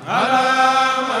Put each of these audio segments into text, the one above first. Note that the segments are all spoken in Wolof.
Bala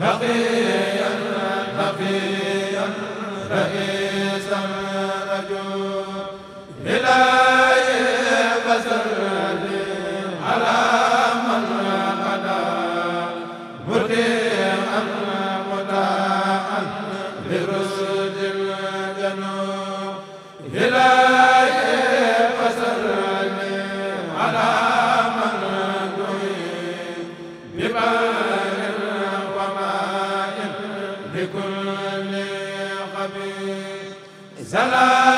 تقيا خفيا رئيسا رجوا إلهي فسلم على من غدا مطيعا مطاعا salaam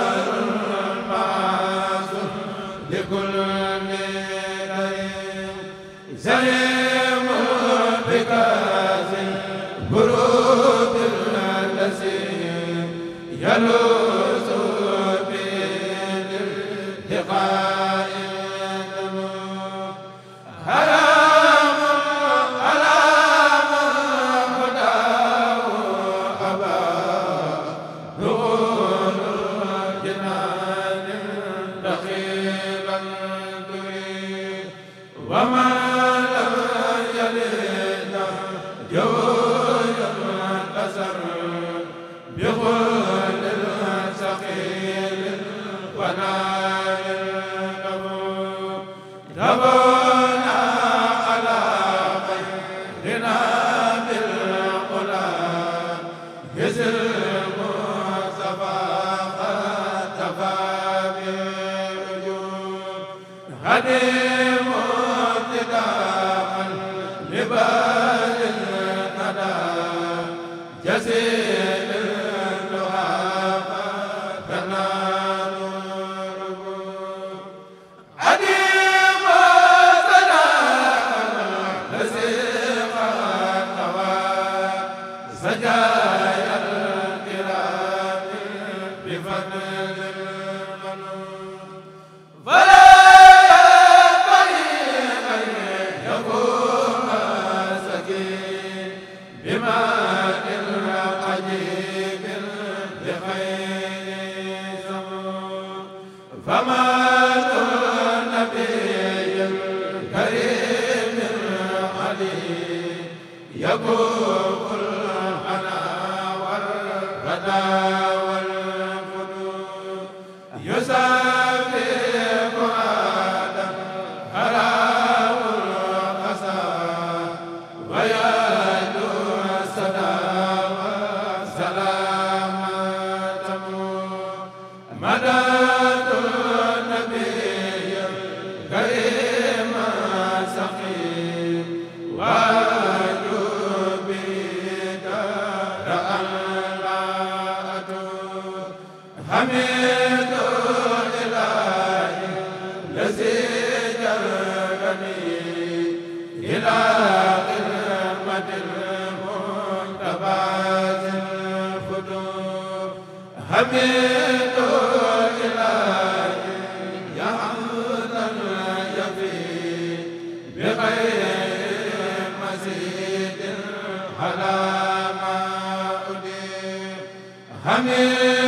wa saja Amiin amiin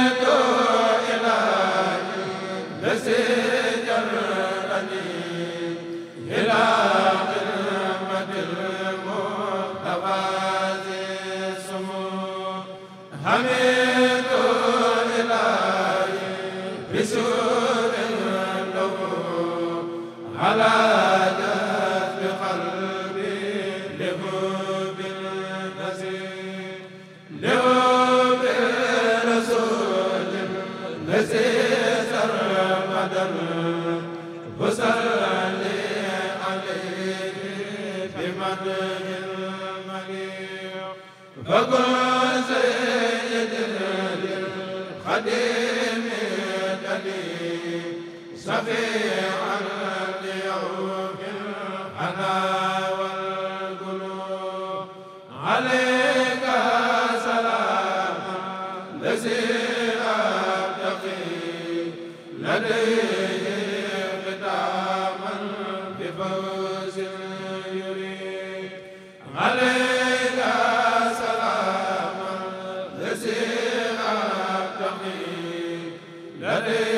la la